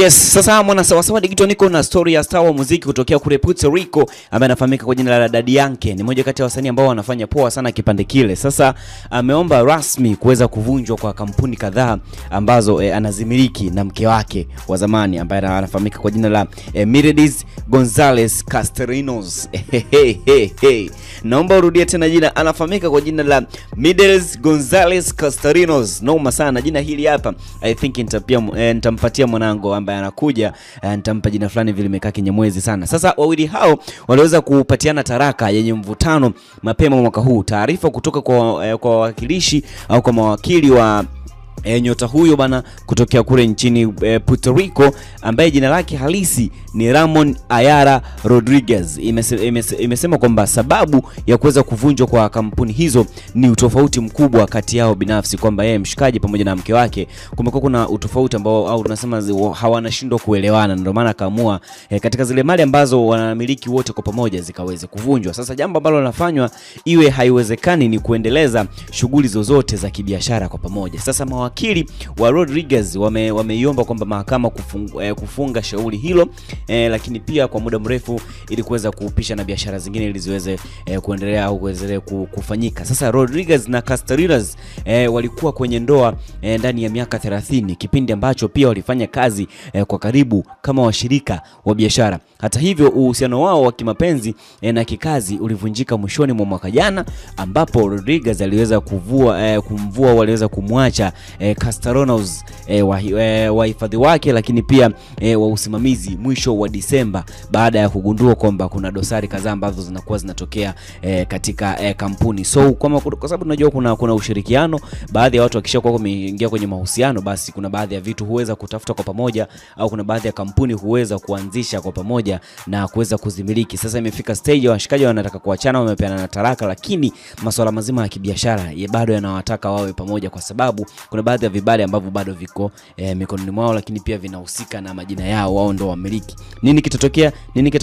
Yes, sasa mwana sawa sawa digital niko na story ya star wa muziki kutokea kule Puerto Rico ambaye anafahamika kwa jina la Daddy Yankee. Ni mmoja kati ya wasanii ambao wanafanya poa sana kipande kile. Sasa ameomba rasmi kuweza kuvunjwa kwa kampuni kadhaa ambazo eh, anazimiliki na mke wake wa zamani ambaye anafahamika kwa jina la eh, Mercedes Gonzalez Castellanos. Naomba urudie tena jina, anafahamika kwa jina la Mercedes Gonzalez Castellanos. Noma sana jina hili hapa. I think nitapia eh, nitampatia mwanangu ambaye ambaye anakuja uh, nitampa jina fulani vile imekaa kinyamwezi sana. Sasa wawili hao waliweza kupatiana taraka yenye mvutano mapema mwaka huu. Taarifa kutoka kwa, uh, kwa wawakilishi au kwa mawakili wa E, nyota huyo bana kutokea kule nchini e, Puerto Rico ambaye jina lake halisi ni Ramon Ayala Rodriguez imese, imese, imesema kwamba sababu ya kuweza kuvunjwa kwa kampuni hizo ni utofauti mkubwa kati yao binafsi, kwamba yeye mshikaji pamoja na mke wake kumekuwa kuna utofauti ambao au tunasema hawanashindwa kuelewana, ndio maana akaamua e, katika zile mali ambazo wanamiliki wote kwa pamoja zikaweze kuvunjwa. Sasa jambo ambalo linafanywa iwe haiwezekani ni kuendeleza shughuli zozote za kibiashara kwa pamoja. Sasa mawa mawakili wa Rodriguez wameiomba wame kwamba mahakama kufunga, eh, kufunga shauri hilo eh, lakini pia kwa muda mrefu ili kuweza kuupisha na biashara zingine ili ziweze eh, kuendelea au kuendelea kufanyika. Sasa Rodriguez na Castellanos eh, walikuwa kwenye ndoa eh, ndani ya miaka 30, kipindi ambacho pia walifanya kazi eh, kwa karibu kama washirika wa biashara. Hata hivyo uhusiano wao wa kimapenzi eh, na kikazi ulivunjika mwishoni mwa mwaka jana ambapo Rodriguez aliweza kuvua eh, kumvua waliweza kumwacha eh, Castellanos eh, wahifadhi eh, wake lakini pia eh, wa usimamizi mwisho wa Disemba baada ya kugundua kwamba kuna dosari kadhaa ambazo zinakuwa zinatokea eh, katika eh, kampuni. So kwa sababu tunajua kuna, kuna ushirikiano, baadhi ya watu wakishakuwa wameingia kwenye mahusiano, basi kuna baadhi ya vitu huweza kutafuta kwa pamoja, au kuna baadhi ya kampuni huweza kuanzisha kwa pamoja na kuweza kuzimiliki. Sasa imefika stage washikaji wanataka kuachana, wamepeana na taraka lakini masuala mazima ya kibiashara bado yanawataka wawe pamoja kwa sababu kuna baadhi ya vibali ambavyo bado viko e, mikononi mwao, lakini pia vinahusika na majina yao, wao ndo wamiliki. Nini kitatokea? Nini kita